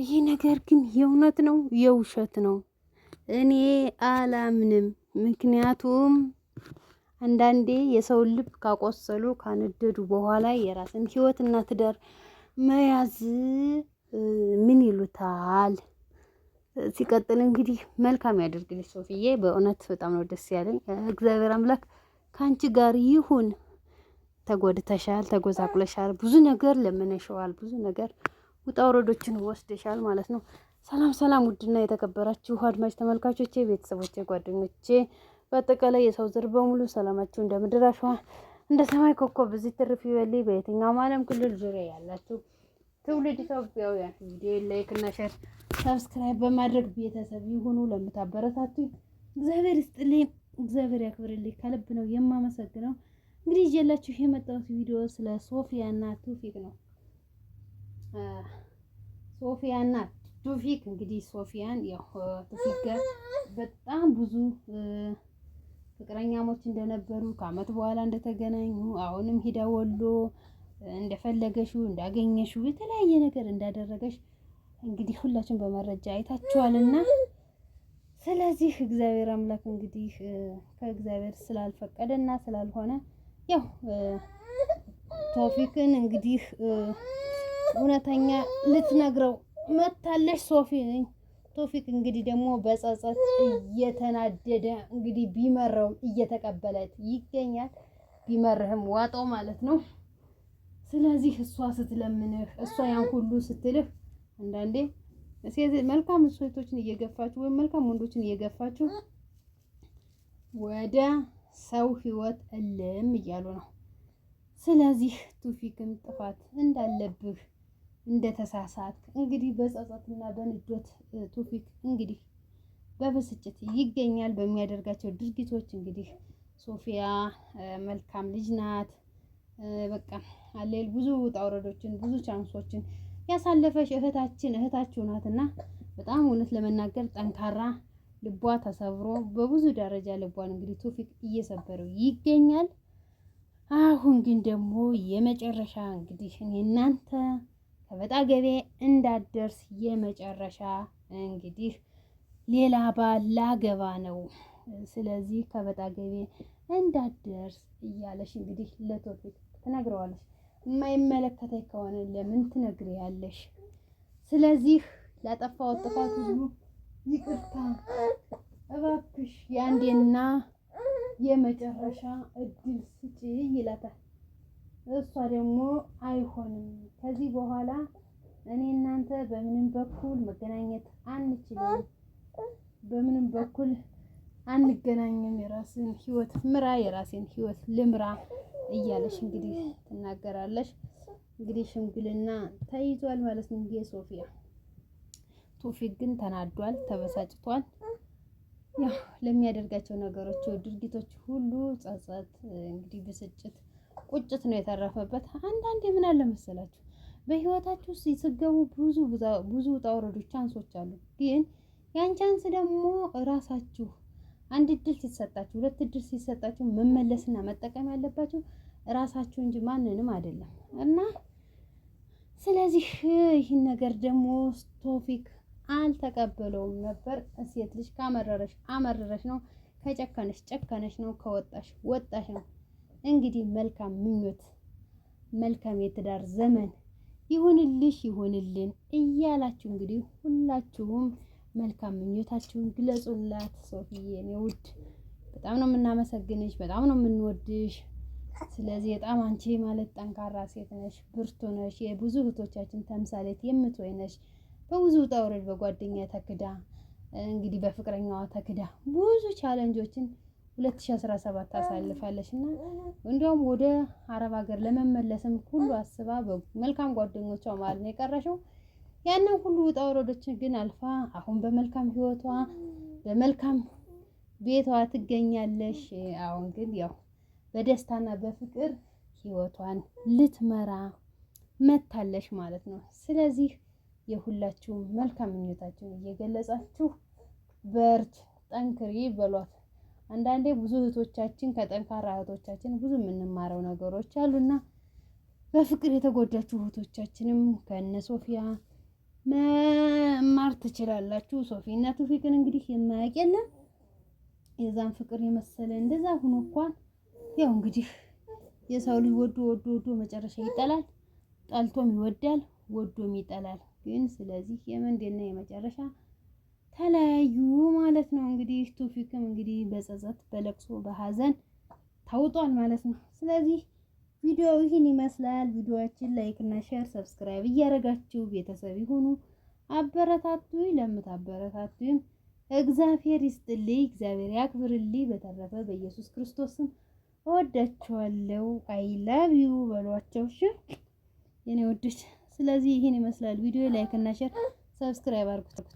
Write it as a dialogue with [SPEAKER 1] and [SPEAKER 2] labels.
[SPEAKER 1] ይሄ ነገር ግን የእውነት ነው የውሸት ነው እኔ አላምንም። ምክንያቱም አንዳንዴ የሰውን ልብ ካቆሰሉ ካነደዱ በኋላ የራስን ህይወትና ትዳር መያዝ ምን ይሉታል? ሲቀጥል እንግዲህ መልካም ያደርግልሽ ሶፍዬ፣ በእውነት በጣም ነው ደስ ያለኝ። እግዚአብሔር አምላክ ከአንቺ ጋር ይሁን። ተጎድተሻል፣ ተጎዛቁለሻል፣ ብዙ ነገር ለምነሸዋል፣ ብዙ ነገር ውጣ ውረዶችን ወስደሻል ማለት ነው። ሰላም ሰላም! ውድና የተከበራችሁ አድማጭ ተመልካቾቼ፣ ቤተሰቦቼ፣ ጓደኞቼ በአጠቃላይ የሰው ዘር በሙሉ ሰላማችሁ እንደ ምድር አሸዋ እንደ ሰማይ ኮከብ ብዙ ትርፍ ይበልይ። በየትኛውም ዓለም ክልል ዙሪያ ያላችሁ ትውልድ ኢትዮጵያውያን ቪዲዮ ላይክ እና ሼር ሰብስክራይብ በማድረግ ቤተሰብ ይሁኑ። ለምታበረታቱኝ እግዚአብሔር ይስጥልኝ፣ እግዚአብሔር ያክብርልኝ። ከልብ ነው የማመሰግነው። እንግዲህ ይዤላችሁ የመጣሁት ቪዲዮ ስለ ሶፊያ እና ቱፊክ ነው። ሶፊያና ቶፊቅ እንግዲህ ሶፊያን ያው በጣም ብዙ ፍቅረኛሞች እንደነበሩ ከአመት በኋላ እንደተገናኙ አሁንም ሂዳ ወሎ እንደፈለገሽው እንዳገኘሽው የተለያየ ነገር እንዳደረገሽ እንግዲህ ሁላችን በመረጃ አይታችኋልና ስለዚህ እግዚአብሔር አምላክ እንግዲህ ከእግዚአብሔር ስላልፈቀደና ስላልሆነ ያው ቶፊክን እንግዲህ እውነተኛ ልትነግረው መታለች ሶፊ ቶፊቅ እንግዲህ ደግሞ በጸጸት እየተናደደ እንግዲህ ቢመረውም እየተቀበለት ይገኛል። ቢመርህም ዋጠው ማለት ነው። ስለዚህ እሷ ስትለምንህ እሷ ያን ሁሉ ስትልህ አንዳንዴ መልካም ሴቶችን እየገፋችሁ ወይም መልካም ወንዶችን እየገፋችሁ ወደ ሰው ህይወት እልም እያሉ ነው። ስለዚህ ቶፊቅም ጥፋት እንዳለብህ ተሳሳት እንግዲህ በጸጸትና በንዶት ቶፊክ እንግዲህ በብስጭት ይገኛል። በሚያደርጋቸው ድርጊቶች እንግዲህ ሶፊያ መልካም ልጅ ናት። በቃ አሌል ብዙ ውጣ ውረዶችን ብዙ ቻንሶችን ያሳለፈች እህታችን እህታችሁ ናትና በጣም እውነት ለመናገር ጠንካራ ልቧ ተሰብሮ በብዙ ደረጃ ልቧን እንግዲህ ቶፊክ እየሰበረው ይገኛል። አሁን ግን ደግሞ የመጨረሻ እንግዲህ እናንተ ከመጣ ገቤ እንዳደርስ የመጨረሻ እንግዲህ ሌላ ባል ላገባ ነው። ስለዚህ ከመጣ ገቤ እንዳደርስ እያለሽ እንግዲህ ለቶፊቅ ትነግረዋለሽ። የማይመለከተኝ ከሆነ ለምን ትነግሪያለሽ? ስለዚህ ላጠፋሁት ጥፋት ሁሉ ይቅርታ እባክሽ፣ የአንዴና የመጨረሻ እድል ስጪ ይላታል። እሷ ደግሞ አይሆንም፣ ከዚህ በኋላ እኔ እናንተ በምንም በኩል መገናኘት አንችልም፣ በምንም በኩል አንገናኝም፣ የራስን ህይወት ምራ፣ የራሴን ህይወት ልምራ እያለሽ እንግዲህ ትናገራለሽ። እንግዲህ ሽምግልና ተይዟል ማለት ነው። ይሄ ሶፊያ ቶፊቅ ግን ተናዷል፣ ተበሳጭቷል። ያው ለሚያደርጋቸው ነገሮች ድርጊቶች ሁሉ ጸጸት እንግዲህ ብስጭት ቁጭት ነው የተረፈበት። አንዳንዴ ምን አለ መሰላችሁ በህይወታችሁ ስትገቡ ብዙ ብዙ ውጣ ውረዶች ቻንሶች አሉ። ግን ያን ቻንስ ደግሞ እራሳችሁ አንድ እድል ሲሰጣችሁ፣ ሁለት እድል ሲሰጣችሁ መመለስና መጠቀም ያለባችሁ እራሳችሁ እንጂ ማንንም አይደለም እና ስለዚህ ይህን ነገር ደግሞ ቶፊክ አልተቀበለውም ነበር። ሴት ልጅ ካመረረሽ አመረረሽ ነው፣ ከጨከነሽ ጨከነሽ ነው፣ ከወጣሽ ወጣሽ ነው። እንግዲህ መልካም ምኞት መልካም የትዳር ዘመን ይሁንልሽ ይሁንልን እያላችሁ እንግዲህ ሁላችሁም መልካም ምኞታችሁን ግለጹላት። ሶፊዬ እኔ ውድ በጣም ነው የምናመሰግንሽ፣ በጣም ነው የምንወድሽ። ስለዚህ በጣም አንቺ ማለት ጠንካራ ሴት ነሽ፣ ብርቱ ነሽ፣ የብዙ እህቶቻችን ተምሳሌት የምትወይ ነሽ። በብዙ ውጣ ውረድ በጓደኛ ተክዳ እንግዲህ በፍቅረኛዋ ተክዳ ብዙ ቻለንጆችን 2017 ታሳልፋለች እና እንዲያውም ወደ አረብ ሀገር ለመመለስም ሁሉ አስባ መልካም ጓደኞቿ ማለት ነው የቀረሽው። ያንን ሁሉ ውጣ ውረዶችን ግን አልፋ አሁን በመልካም ህይወቷ በመልካም ቤቷ ትገኛለሽ። አሁን ግን ያው በደስታና በፍቅር ህይወቷን ልትመራ መታለሽ ማለት ነው። ስለዚህ የሁላችሁም መልካም ምኞታችሁን እየገለጻችሁ በርች ጠንክሪ በሏት። አንዳንዴ ብዙ እህቶቻችን ከጠንካራ እህቶቻችን ብዙ የምንማረው ነገሮች አሉና በፍቅር የተጎዳችሁ እህቶቻችንም ከነ ሶፊያ መማር ትችላላችሁ። ሶፊና ቶፊቅን እንግዲህ የማያውቅ የለም የዛን ፍቅር የመሰለ እንደዛ ሁኖ እንኳን ያው እንግዲህ የሰው ልጅ ወዶ ወዶ ወዶ መጨረሻ ይጠላል፣ ጠልቶም ይወዳል፣ ወዶም ይጠላል። ግን ስለዚህ የመንደና የመጨረሻ ተለያዩ ማለት ነው። እንግዲህ ቶፊክም እንግዲህ በጸጸት በለቅሶ በሀዘን ታውጧል ማለት ነው። ስለዚህ ቪዲዮ ይህን ይመስላል። ቪዲዮችን ላይክ እና ሼር ሰብስክራይብ እያደረጋችሁ ቤተሰብ ይሁኑ። አበረታቱኝ። ለምታበረታቱኝ እግዚአብሔር ይስጥልኝ፣ እግዚአብሔር ያክብርልኝ። በተረፈ በኢየሱስ ክርስቶስም እወዳችኋለሁ። አይ ላቭ ዩ በሏቸው እሺ የኔ ወዶች። ስለዚህ ይህን ይመስላል ቪዲዮ ላይክ እና ሼር ሰብስክራይብ አድርጉት።